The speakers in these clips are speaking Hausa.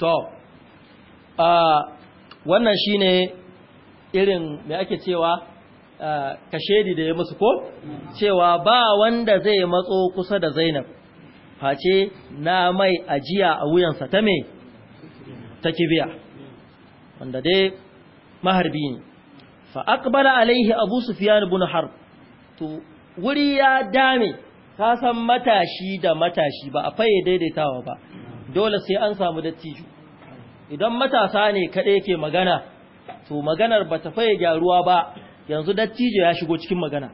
to wannan shine irin me ake cewa kashedi da ya musu ko cewa ba wanda zai matso kusa da Zainab face na mai ajiya a wuyansa ta me ta kibiya wanda dai maharbi ne fa aqbala alaihi abu sufyan ibn harb to wuri ya dame ka san matashi da matashi ba a faye daidaitawa ba dole sai an samu dattijo idan matasa ne kaɗai ke magana to maganar ba ta faye gyaruwa ba yanzu dattijo ya shigo cikin magana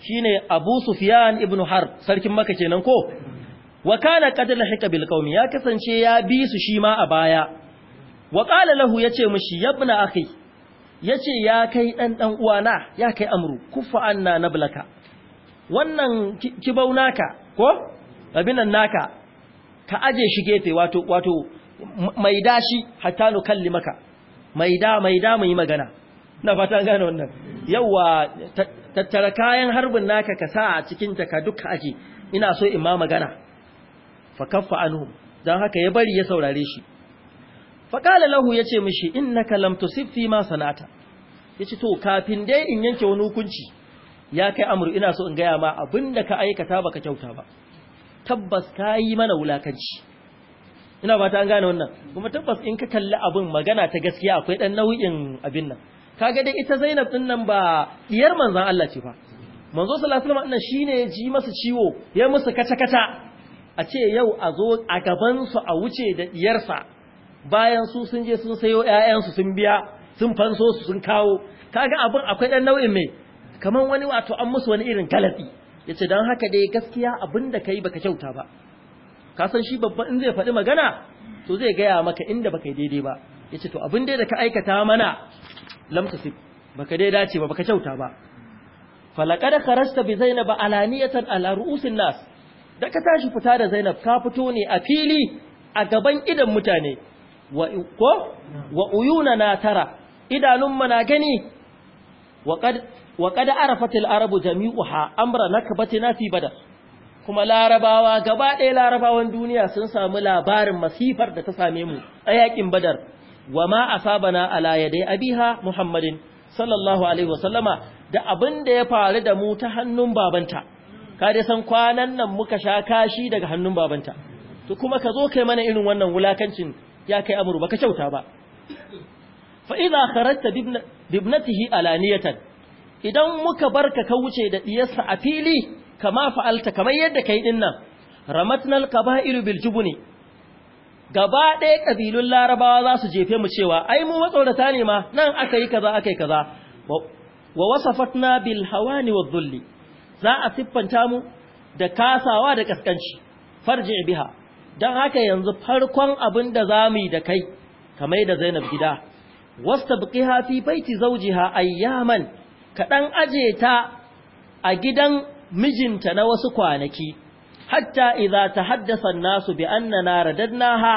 shine Abu Sufyan ibn Harb sarkin Makka kenan ko wa kana qad lahika bil qaumi ya kasance ya bi su shi ma a baya wa qala lahu yace mishi yabna akhi yace ya kai ɗanɗan dan uwana ya kai amru kufa anna nablaka wannan kibaunaka ko abinan naka ka aje shi gefe wato wato mai da shi hatta nu kallimaka mai da mai da mai magana ina fata gane wannan yawa tattara kayan harbin naka ka sa a cikin ta ka duka aje ina so in ma magana fa kaffa anhum dan haka ya bari ya saurare shi fa qala lahu yace mishi innaka lam tusif fi ma sanata yace to kafin dai in yanke wani hukunci ya kai amru ina so in ga ya ma abinda ka aikata baka kyauta ba tabbas ka yi mana wulakanci ina ba ta an gane wannan kuma tabbas in ka kalli abin magana ta gaskiya akwai ɗan nau'in abin nan kaga dai ita zainab ɗin nan ba ɗiyar manzan Allah ce fa manzo sallallahu alaihi wasallam shine ya ji masa ciwo ya musu kata-kata a ce yau a zo a gaban su a wuce da diyarsa bayan su sun je sun sayo ƴaƴansu sun biya sun fanso su sun kawo kaga abin akwai dan nau'in mai kaman wani wato an musu wani irin galati ya ce don haka dai gaskiya abin da ka yi baka kyauta ba ka san shi babban in zai faɗi magana to zai gaya maka inda baka yi daidai ba ya ce to abin da ka aikata mana lamta sif baka dai dace ba baka kyauta ba falakar kharasta bi zainab alaniyatan ala ru'usin nas da ka tashi fita da zainab ka fito ne a fili a gaban idan mutane wa ko uyuna na tara idanun na gani wa qad arafat al jami'u jami'uha amra nakbatina fi badar kuma larabawa gaba ɗaya larabawan duniya sun sami labarin masifar da ta same mu a yakin badar wa ma asabana ala yadai abiha muhammadin sallallahu alaihi da abin da ya faru da mu ta hannun babanta ka dai san kwanan nan muka sha kashi daga hannun babanta to kuma ka zo kai mana irin wannan wulakancin ya kai amuru baka kyauta ba fa idza kharajta bibnatihi alaniyatan idan muka barka ka wuce da ɗiyarsa a fili kama fa'alta kamar yadda kai din nan ramatnal Kaba'ilu Biljubu ne. gaba ɗaya ƙabilun larabawa za su jefe mu cewa ai mu matsorata ne ma nan aka yi kaza aka yi kaza wa wasafatna bil hawani wad dhulli za a siffanta mu da kasawa da kaskanci farji biha dan haka yanzu farkon abin da mu yi da kai kamar da Zainab gida wastabqiha fi baiti zawjiha ayyaman ka ɗan aje ta a gidan mijinta na wasu kwanaki hatta idza haddasa nasu bi annana radadnaha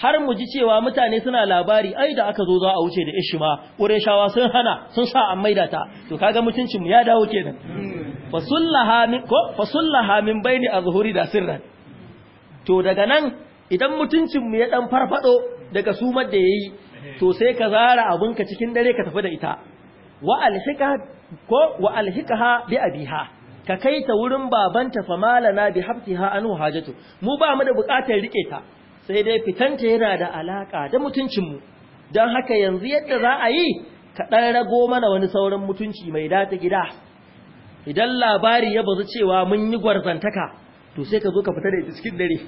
har mu ji cewa mutane suna labari ai da aka zo za a wuce da ishima, qurayshawa sun hana sun sa an maida ta to kaga mutuncin mu ya dawo kenan fasullaha min ko fasullaha min baini azhuri da sirran to daga nan idan mutuncinmu mu ya dan farfado daga sumar da yayi to sai ka zara abunka cikin dare ka tafi da ita wa alhika ko wa alhikaha bi abiha ka kai ta wurin babanta fa malana bi haftiha anu hajatu mu ba mu da bukatar rike ta sai dai fitanta yana da alaka da mutuncin mu dan haka yanzu yadda za a yi ka dan rago mana wani sauran mutunci mai data gida idan labari ya bazu cewa mun yi gwarzantaka to sai ka zo ka fita da ita cikin dare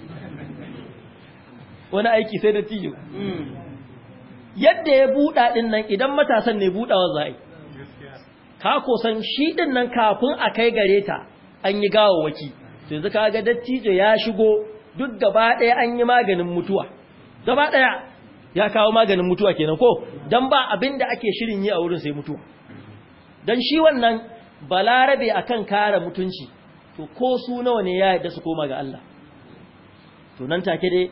wani aiki sai da tiyo hmm. yadda ya buɗa ɗin nan idan matasan ne buɗawa za ka san shi din nan kafin a kai gare ta an yi gawawaki to yanzu kaga dattijo ya shigo duk gaba ɗaya an yi maganin mutuwa gaba ɗaya ya kawo maganin mutuwa kenan ko dan ba abin da ake shirin yi a wurin sai mutuwa dan shi wannan balarabe akan kare mutunci to ko su nawa ne ya yadda su koma ga Allah to nan take dai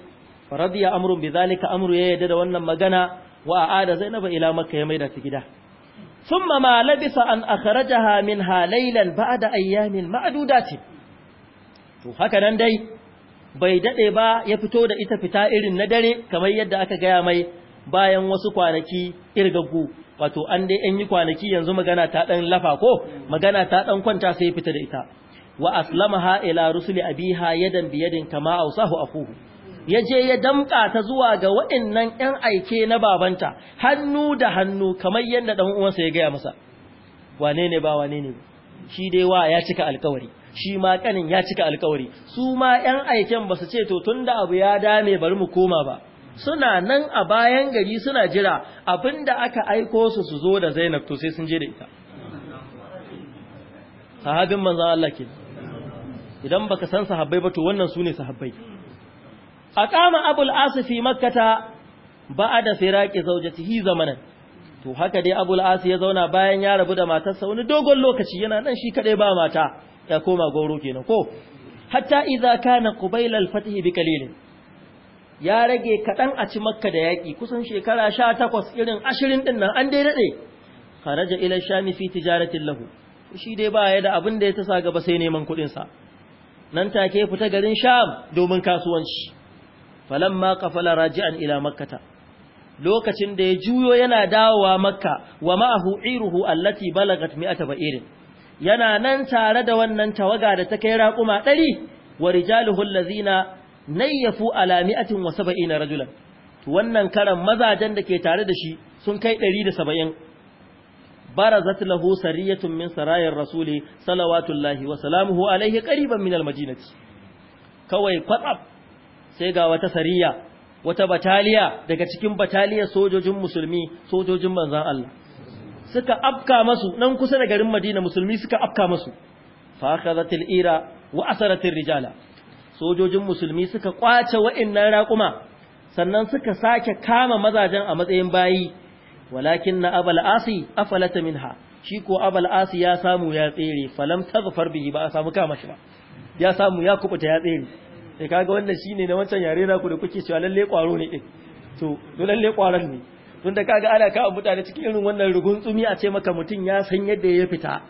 faradiya amrun bi zalika amru ya yarda da wannan magana wa aada zainaba ila makka ya maida ta gida ثم ما an أن أخرجها منها ليلا بعد أيام معدودات to haka nan dai bai daɗe ba ya fito da ita fita irin na dare kamar yadda aka gaya mai bayan wasu kwanaki irgaggu wato an dai an yi kwanaki yanzu magana ta dan lafa ko magana ta dan kwanta sai ya fita da ita wa aslamaha ila rusuli abiha yadan biyadin kama ausahu akuhu ya je ya damƙa ta zuwa ga waɗannan ‘yan aike na babanta hannu da hannu kamar yadda ɗan uwansa ya gaya masa wane ne ba wane ne shi dai wa ya cika alkawari shi ma kanin ya cika alkawari su ma ‘yan aiken ba su ce to tun da abu ya dame bari mu koma ba suna nan a bayan gari suna jira abinda aka aiko su su zo da zainab to sai sun je da ita sahabin manzan Allah ke idan baka san sahabbai ba to wannan su ne sahabbai aqama abul asufi makkata ba'da firaqi zawjatihi zamanan to haka dai abul asi ya zauna bayan ya rabu da matarsa wani dogon lokaci yana nan shi kadai ba mata ya koma gauro kenan ko hatta idza kana qubayla al-fath bi ya rage kadan a ci makka da yaki kusan shekara 18 irin 20 din nan an dai dade kharaja ila shami fi tijaratin lahu shi dai ba ya da abin da ya sa gaba sai neman kudin sa nan take fita garin sham domin kasuwanci falamma qafala raji'an ila makkata lokacin da ya juyo yana dawowa makka wa ma'ahu iruhu allati balagat mi'ata ba'irin yana nan tare da wannan tawaga da ta kai raƙuma ɗari wa rijaluhu allazina nayyafu ala mi'atin wa saba'ina rajulan wannan karan mazajen da ke tare da shi sun kai ɗari da saba'in barazat lahu sariyatun min sarayar rasuli salawatullahi wa salamuhu alaihi qariban min almadinati kawai kwatsaf sai ga wata sariya wata bataliya daga cikin bataliyar sojojin musulmi sojojin manzan Allah suka afka masu nan kusa da garin Madina musulmi suka afka masu fa akhadhatil ira wa asaratir rijala sojojin musulmi suka kwace wa'annan raƙuma sannan suka sake kama mazajen a matsayin bayi walakin na abal asi afalata minha shi ko abal asi ya samu ya tsere falam tazfar bihi ba a samu kama shi ba ya samu ya kubuta ya tsere sai eh, kaga wannan shine na wancan yare na ku da kuke cewa lalle kwaro ne din to to lalle kwaron ne tun da kaga ana kawo mutane cikin irin wannan rugun tsumi a ce maka mutum ya san yadda ya fita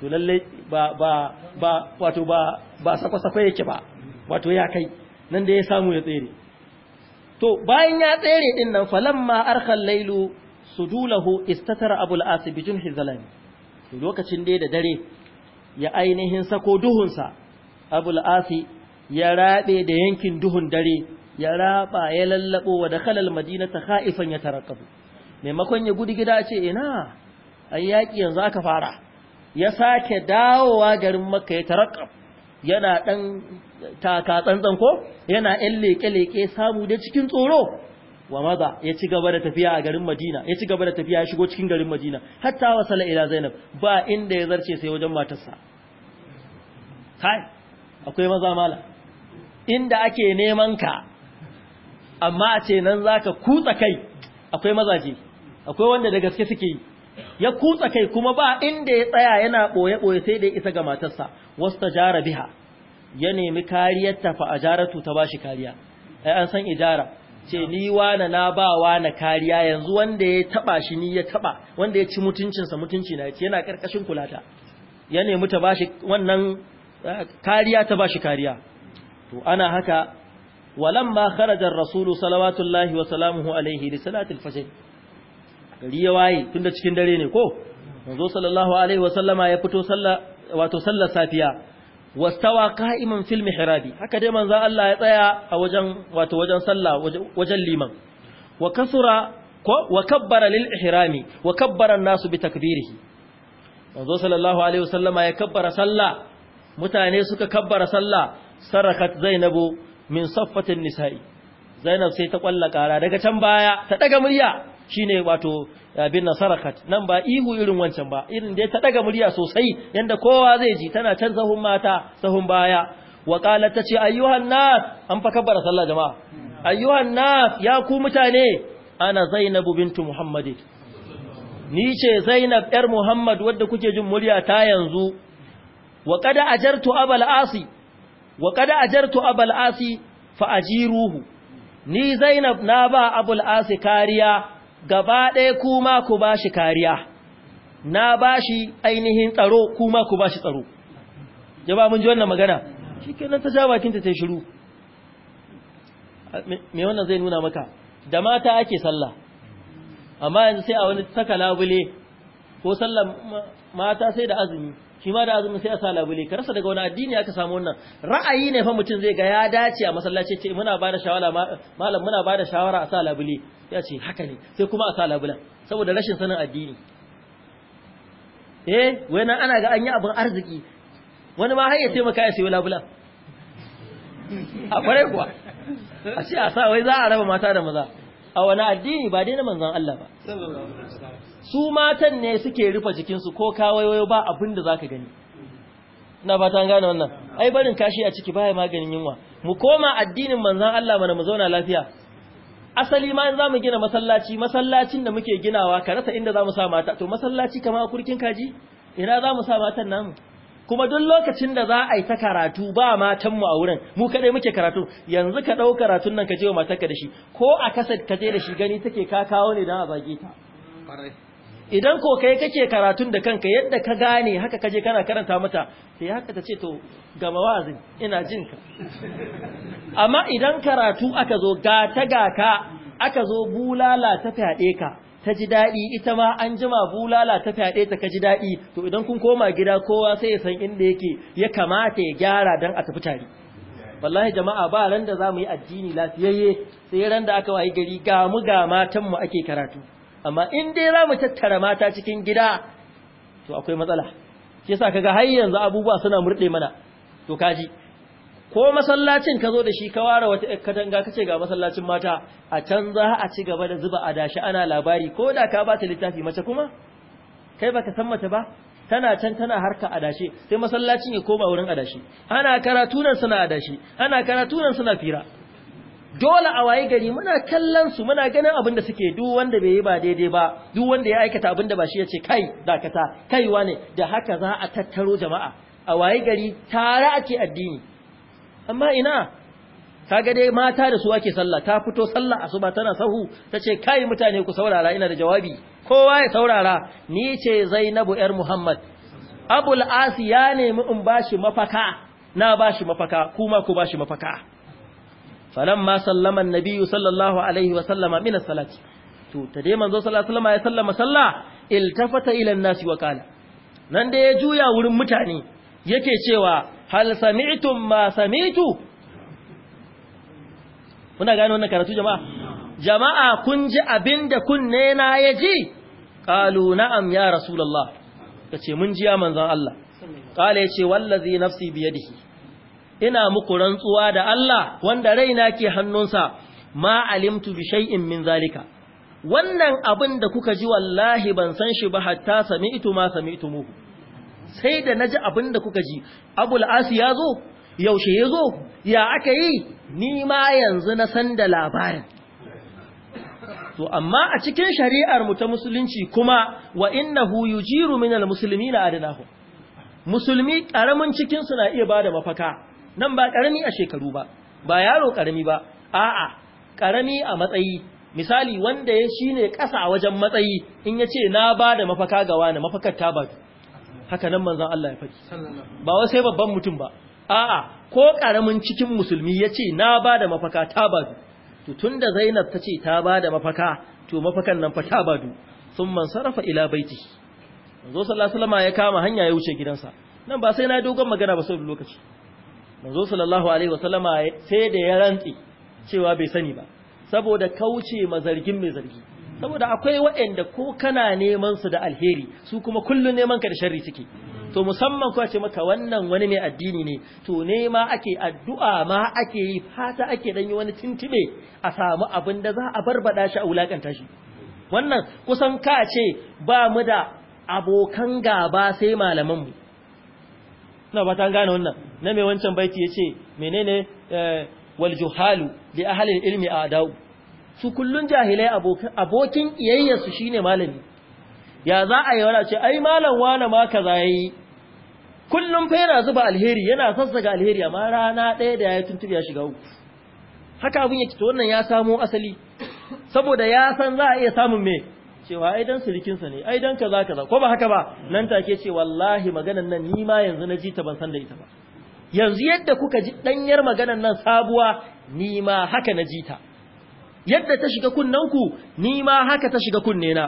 to lalle ba ba ba wato ba ba sako-sako yake ba wato ya kai nan da ya samu ya tsere to bayan ya tsere din nan falamma arkhal lailu sudulahu istatara abul asib jun hizalan lokacin da da dare ya ainihin sako duhunsa abul asib ya rabe da yankin duhun dare ya raba ya lallabo wa da dakhala ya khaifan yatarqabu maimakon ya gudu gida ce ina an yaki yanzu aka fara ya sake dawowa garin makka ya tarqab yana dan taka tsantsan ko yana ɗan leke leƙe samu da cikin tsoro wa maza ya ci gaba da tafiya a garin madina ya ci gaba da tafiya ya shigo cikin garin madina hatta wasala ila zainab ba inda ya zarce sai wajen matarsa kai akwai maza mala inda ake neman ka amma a ce nan za ka kutsa kai akwai mazaje akwai wanda da gaske suke yi ya kutsa kai kuma ba inda ya tsaya yana boye boye sai da isa ga matarsa jara biha ya nemi kariyar tafa a jaratu ta bashi kariya ai an san ijara ce ni wana na ba wana kariya yanzu wanda ya taba shi ni ya taba wanda ya ci mutuncinsa mutunci na ce yana karkashin kulata ya nemi ta bashi wannan eh, kariya ta bashi kariya to ana haka walamma kharaja ar-rasulu salawatullahi wa salamuhu li fajr gari ya waye tunda cikin dare ne ko manzo sallallahu alaihi wa sallama ya fito sallah wato sallar safiya wastawa qa'iman fil mihrabi haka dai manzo Allah ya tsaya a wajen wato wajen sallah wajen liman wa kasura ko wa kabbara lil ihrami wa kabbara an bi takbirihi manzo sallallahu alaihi wa sallama ya kabbara sallah mutane suka kabbara sallah sarakat zainabu min saffatin nisa'i zainab sai ta kwalla kara daga can baya ta daga murya shine wato bin nasarakat nan ba ihu irin wancan ba irin da ta daga murya sosai yanda kowa zai ji tana can sahun mata sahun baya wa qalat tace ayyuhan nas an fa kabbara sallah jama'a ayyuhan nas ya ku mutane ana zainabu bintu muhammadi ni ce zainab yar muhammad wadda kuke jin murya ta yanzu wa qad ajartu abal asi wa kada ajartu abul asi fa ajiruhu ni zainab na ba abul asi kariya gaba ɗaya kuma ku bashi kariya na bashi ainihin tsaro kuma ku bashi tsaro jaba mun ji wannan magana shikenan ta jaba kinta ta shiru me wannan zai nuna maka da mata ake sallah amma yanzu sai a wani saka labule ko sallar mata sai da azumi shi ma da azumi sai a sa labule ka rasa daga wani addini aka samu wannan ra'ayi ne fa mutum zai ga ya dace a masallaci ce muna ba da shawara malam muna ba da shawara a sa labule ya ce haka ne sai kuma a sa labulan saboda rashin sanin addini eh wai nan ana ga an yi abin arziki wani ma har ya taimaka ya sayi labulan a kwarai kuwa a ce a sa wai za a raba mata da maza a wani addini ba dai na manzon Allah ba sallallahu alaihi wasallam su matan ne suke rufe jikinsu ko kawayoyo ba abin da za ka gani na ba ta gane wannan ai barin kashi a ciki baya maganin yunwa mu koma addinin manzan Allah mana mu zauna lafiya asali ma in za mu gina masallaci masallacin da muke ginawa ka rasa inda za mu sa mata to masallaci kamar kurkin kaji ina za mu sa matan namu kuma duk lokacin da za a yi ta karatu ba matan mu a wurin mu kadai muke karatu yanzu ka ɗau karatun nan ka je wa matarka da shi ko a kasar ka je da shi gani take ka kawo ne don a zage ta idan ko kai kake karatun da kanka yadda ka gane haka kaje kana karanta mata sai haka ta ce to gama wazin ina jin ka amma idan karatu aka zo ga ta ga ka aka zo bulala ta fyaɗe ka ta ji daɗi ita ma an jima bulala ta fyaɗe ta ka ji daɗi to idan kun koma gida kowa sai ya san inda yake ya kamata ya gyara dan a tafi tare wallahi jama'a ba ran da za mu yi addini lafiyayye sai ran da aka wayi gari ga mu ga matanmu ake karatu amma in dai za mu tattara mata cikin gida to akwai matsala shi yasa kaga har yanzu abubuwa suna murde mana to kaji ko masallacin ka zo da shi ka ware wata katanga kace ga masallacin mata a can za a ci gaba da zuba adashi ana labari ko da ka ba ta littafi mace kuma kai baka san mace ba tana can tana harka adashi sai masallacin ya koma wurin adashi ana karatu nan suna adashi ana karatu nan suna fira dole a waye gari muna kallon su muna ganin abin da suke duk wanda bai yi ba daidai ba duk wanda ya aikata abin da ba shi yace kai dakata kai wane da haka za a tattaro jama'a a waye gari tare ake addini amma ina kaga dai mata da su ake sallah ta fito sallah asuba tana sahu tace kai mutane ku saurara ina da jawabi kowa ya saurara ni ce Zainabu yar Muhammad Abul asiya ne mu in bashi mafaka na bashi mafaka kuma ku bashi mafaka falamma sallama annabiyyu sallallahu alaihi wa sallama min as-salati to ta dai manzo sallallahu alaihi ya sallama sallah iltafata ila an-nasi wa qala nan da ya juya wurin mutane yake cewa hal sami'tum ma sami'tu kuna gano wannan karatu jama'a jama'a kun ji abinda kunne na ya ji qalu na'am ya rasulullah kace mun ji ya manzon Allah qala yace wallazi nafsi biyadihi ina muku rantsuwa da Allah wanda raina ke hannunsa ma alimtu bi shay'in min zalika wannan abin da kuka ji wallahi ban san shi ba hatta sami'tu ma sami'tu sai da naji abin da kuka ji abul as ya zo yaushe ya zo ya aka yi ni ma yanzu na san da labarin to amma a cikin shari'ar mu ta musulunci kuma wa innahu yujiru al muslimina adnahu musulmi karamin cikin suna na iya bada mafaka nan ba karami a shekaru ba ba yaro karami ba a'a karami a matsayi misali wanda ya shine ƙasa a wajen matsayi in yace na ba da mafaka ga wani mafakar ta ba haka nan manzon Allah ya faɗi ba wai sai babban mutum ba a'a ko karamin cikin musulmi yace na ba da mafaka ta ba to tunda Zainab ta ce ta ba da mafaka to mafakan nan fa ta badu sun man sarrafa ila baiti manzo sallallahu alaihi wasallam ya kama hanya ya wuce gidansa nan ba sai na dogon magana ba da lokaci manzo sallallahu alaihi wasallama sai da ya rantsi cewa bai sani ba saboda kauce ma zargin mai zargi saboda akwai waɗanda ko kana neman su da alheri su kuma kullun neman ka da sharri suke to musamman kuwa ce maka wannan wani mai addini ne to ne ma ake addu'a ma ake yi fata ake danyi wani tintibe a samu abin da za a barbada shi a wulakanta shi wannan kusan ka ce ba mu da abokan gaba sai malaman mu. na ba ta gane wannan na mai wancan baiti ya ce menene eh, waljuhalu da ahalin ilmi a adau su kullun jahilai abokin iyayyarsu shine malami ya za a yi wani ce ai malam wane ma ka yayi kullum fa yana zuba alheri yana ga alheri amma rana ɗaya da ya tuntun ya shiga uku haka abin yake to wannan ya samo asali saboda ya san za a iya samun mai. cewa ai dan sirikinsa ne ai dan kaza kaza ko ba haka ba nan take ce wallahi maganan nan ni ma yanzu na ji ta ban san da ita ba yanzu yadda kuka ji danyar maganan nan sabuwa ni ma haka na ji ta yadda ta shiga kunnanku ni ma haka ta shiga kunne na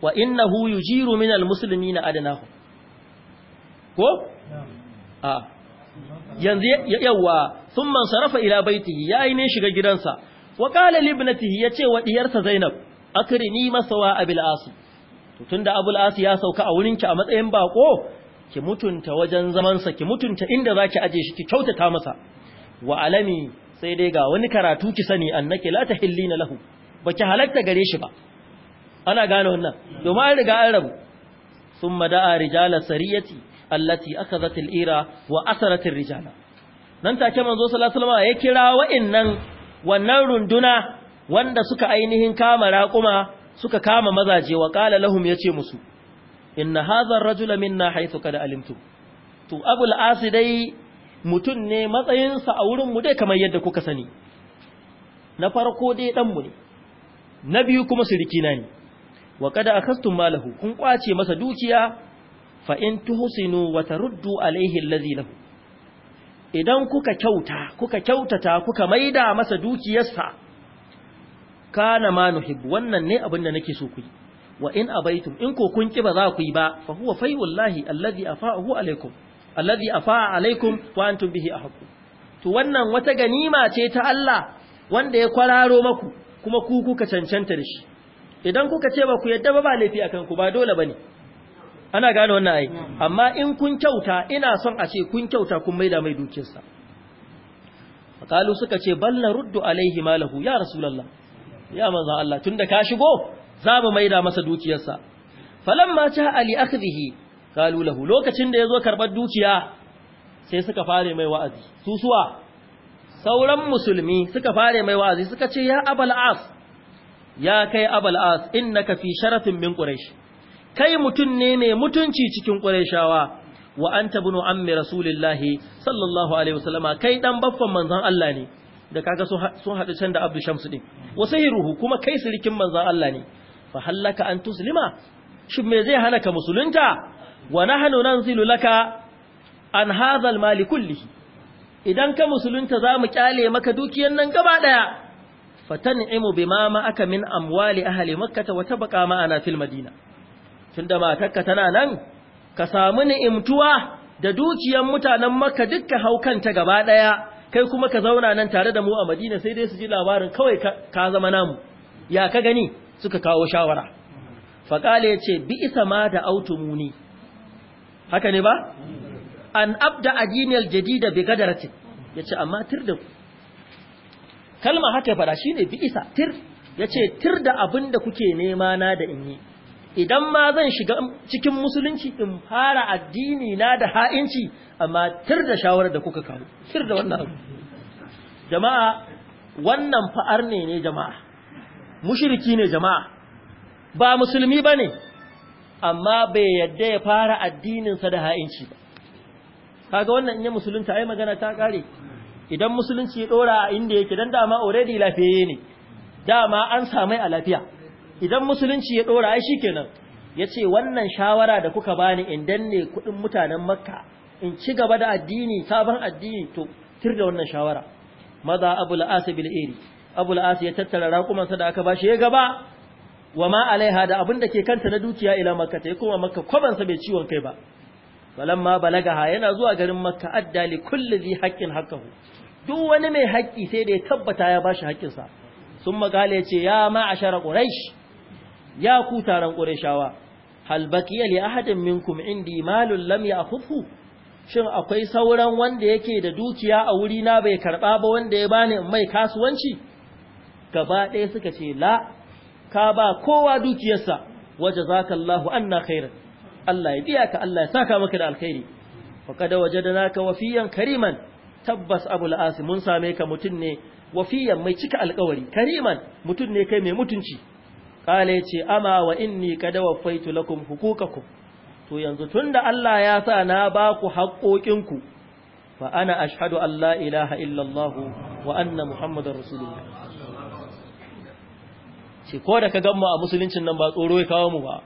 wa innahu yujiru min almuslimina adnahu ko a yanzu yawa thumma sarafa ila baitihi ya ne shiga gidansa wa qala li ibnatihi yace wa diyarsa zainab akrini masawa abul to tunda abul ya sauka a wurinki a matsayin bako ki mutunta wajen zaman sa ki mutunta inda zaki aje shi ki kyautata masa wa alami sai dai ga wani karatu ki sani annaki la tahillina lahu baki halatta gare shi ba ana gane wannan domin an riga an rabu thumma da'a rijala sariyati allati akhadat al-ira wa asarat ar-rijala nan take manzo sallallahu alaihi wasallam ya kira wa'annan wannan runduna wanda suka ainihin kama raƙuma suka kama mazaje wa qala lahum yace musu inna hadha ar-rajula minna haythu kada alimtu to abul asi dai mutum ne matsayinsa a wurin mu dai kamar yadda kuka sani na farko dai dan ne na biyu kuma sirikina ne wa kada kastun malahu kun kwace masa dukiya fa in wata ruddu taruddu alayhi idan kuka kyauta kuka kyautata kuka maida masa dukiyarsa kana ma nuhibbu wannan ne abin da nake so ku yi wa in abaitum in ko kun ki ba za ku yi ba fa huwa fayullahi alladhi afa'ahu alaikum alladhi afa'a alaikum wa antum bihi ahqqu to wannan wata ganima ce ta Allah wanda ya kwararo maku kuma ku kuka cancanta da shi idan kuka ce ba ku yadda ba ba laifi akan ku ba dole bane ana gane wannan ai amma in kun kyauta ina son a ce kun kyauta kun maida mai dukiyarsa qalu suka ce bal ruddu alaihi malahu ya rasulullah ya manzan Allah tunda ka shigo za mu maida masa dukiyarsa falamma ta ali akhdhihi kalulahu lokacin da ya zo karɓar dukiya sai suka fare mai wa'azi Susuwa sauran musulmi suka fare mai wa'azi suka ce ya abal as ya kai abal as innaka fi sharafin min quraish kai mutum ne mai mutunci cikin qurayshawa wa anta an ammi rasulillahi sallallahu alaihi wasallama kai dan baffan manzon Allah ne da kaga sun haɗu can da abdu shamsu ɗin wasu ruhu kuma kai sulikin manzan Allah ne fa hallaka an tuslima shin me zai hana ka musulunta wa nahnu nanzilu laka an hadha mali kullihi idan ka musulunta zamu kyale maka dukiyan nan gaba daya fatan'imu bima ma aka min amwali ahli makkah wa tabqa ma'ana fil madina tunda matarka tana nan ka samu ni'imtuwa da dukiyan mutanen makka dukkan haukanta gaba ɗaya. kai kuma ka zauna nan tare da mu a madina sai dai su ji labarin kawai ka zama namu ya ka gani suka kawo shawara faƙala ya ce bi isa ma da autumuni haka ne ba an abda ajiniyar jadida bi gadaratin ya ce amma tir da kalma haka fara shi ne bi isa tir ya ce tir da abin da kuke nema na da in yi idan ma zan shiga cikin musulunci in fara addini na da ha'inci amma tir da shawarar da kuka kawo tir da wannan jama'a wannan fa'ar ne ne jama'a mushriki ne jama'a ba musulmi bane amma bai yadda ya fara addininsa da ha'inci ba kaga wannan in ya musulunta ai magana ta kare idan musulunci ya dora inda yake dan dama already lafiye ne dama an samai a lafiya idan musulunci ya dora ai ya ce wannan shawara da kuka bani in danne kudin mutanen makka in ci gaba da addini sabon addini to tir da wannan shawara maza abul as bil iri abul ya tattara raƙumansa da aka bashi ya gaba wa ma alaiha da abin da ke kanta na dukiya ila makka ta kuma makka kwabansa sa bai ciwon kai ba ma balaga ha yana zuwa garin makka adda li kulli haƙƙin haqqin duk wani mai haƙƙi sai da ya tabbata ya bashi haƙƙinsa sun mag'ale ya ce ya ma'ashara ƙuraish ya ku taron ƙureshawa hal baqiya li ahadin minkum indi malun lam ya'khudhu shin akwai sauran wanda yake da dukiya a wuri na bai karɓa ba wanda ya bani in mai kasuwanci gaba ɗaya suka ce la ka ba kowa dukiyarsa waje wajazakallahu anna khairan Allah ya biya ka Allah ya saka maka da alkhairi Kada faqad ka wafiyan kariman tabbas abul asim mun same ka mutun ne wafiyan mai cika alkawari kariman mutum ne kai mai mutunci kala ce ama wa inni kad faitu lakum huquqakum to yanzu tunda Allah ya sa na ba ku haƙoƙinku fa ana ashhadu Allah la ilaha illallah wa anna muhammadar rasulullah ce ko da ka gamma a musuluncin nan ba tsoro ya kawo mu ba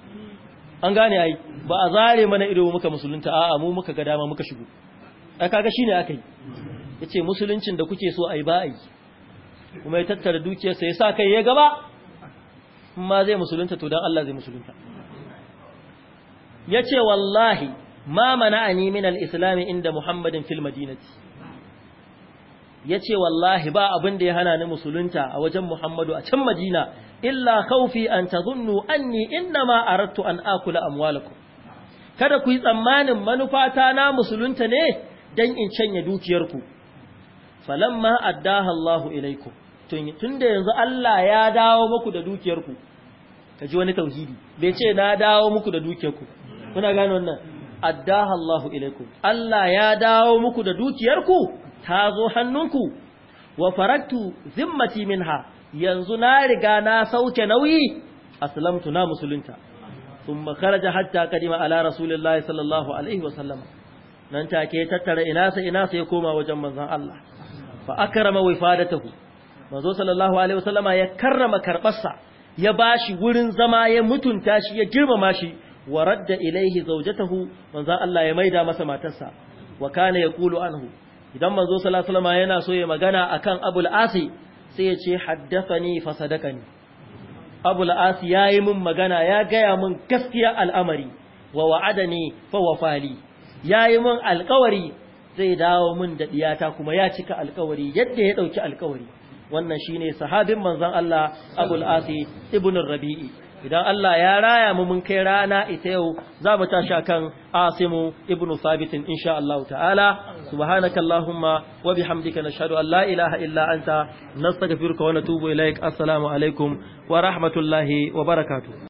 an gane ai ba a zare mana ido muka musulunta a'a mu muka ga dama muka shigo a kaga shine akai yace musuluncin da kuke so ai ba ai kuma ya tattara dukiyarsa ya sa kai ya gaba ma zai musulunta to dan Allah zai musulunta yace wallahi ma mana'ani min al-islam inda muhammadin fil madinati yace wallahi ba abin da ya hana ni musulunta a wajen muhammadu a can madina illa khawfi an tadhunnu anni inma aradtu an akula amwalakum kada ku yi tsammanin manufata na musulunta ne dan in canya dukiyarku falamma addaha Allahu ilaikum tun da yanzu Allah ya dawo muku da dukiyarku ka ji wani tauhidi bai ce na dawo muku da dukiyarku kuna gane wannan addaha Allahu ilaikum Allah ya dawo muku da dukiyarku ta zo hannunku wa faraktu zimmati minha yanzu na riga na sauke nauyi aslamtu na musulunta thumma kharaja hatta kadima ala rasulillahi sallallahu alaihi wa sallam nan take tattara ina sa ina sa ya koma wajen manzon Allah fa akrama wifadatahu manzo sallallahu alaihi wasallama ya karrama karbarsa ya bashi wurin zama ya mutunta shi ya girmama shi wa radda ilaihi zawjatahu manzo Allah ya maida masa matarsa wa kana yaqulu anhu idan manzo sallallahu alaihi wasallama yana so ya magana akan abul asi sai ya ce haddathani fa sadaqani abul asi yayi min magana ya gaya min gaskiya al'amari wa wa'adani fa wafali yayi min alƙawari zai dawo min da diyata kuma ya cika alƙawari yadda ya dauki alƙawari wannan shine sahabin manzon Allah Abul Asi ibn Rabi'i idan Allah ya raya mu mun kai rana ita yau za mu tashi kan Asimu ibn Thabit insha Allah ta'ala subhanaka allahumma wa bihamdika nashhadu an la ilaha illa anta nastaghfiruka wa natubu ilaik assalamu alaikum wa rahmatullahi wa barakatuh